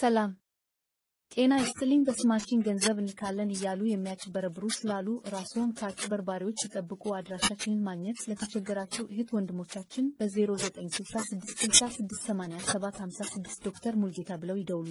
ሰላም ጤና ይስጥልኝ። በስማችን ገንዘብ እንልካለን እያሉ የሚያጭበረብሩ ስላሉ ራስዎን ከአጭበርባሪዎች ይጠብቁ። አድራሻችንን ማግኘት ለተቸገራቸው እህት ወንድሞቻችን በ0966668756 ዶክተር ሙልጌታ ብለው ይደውሉ።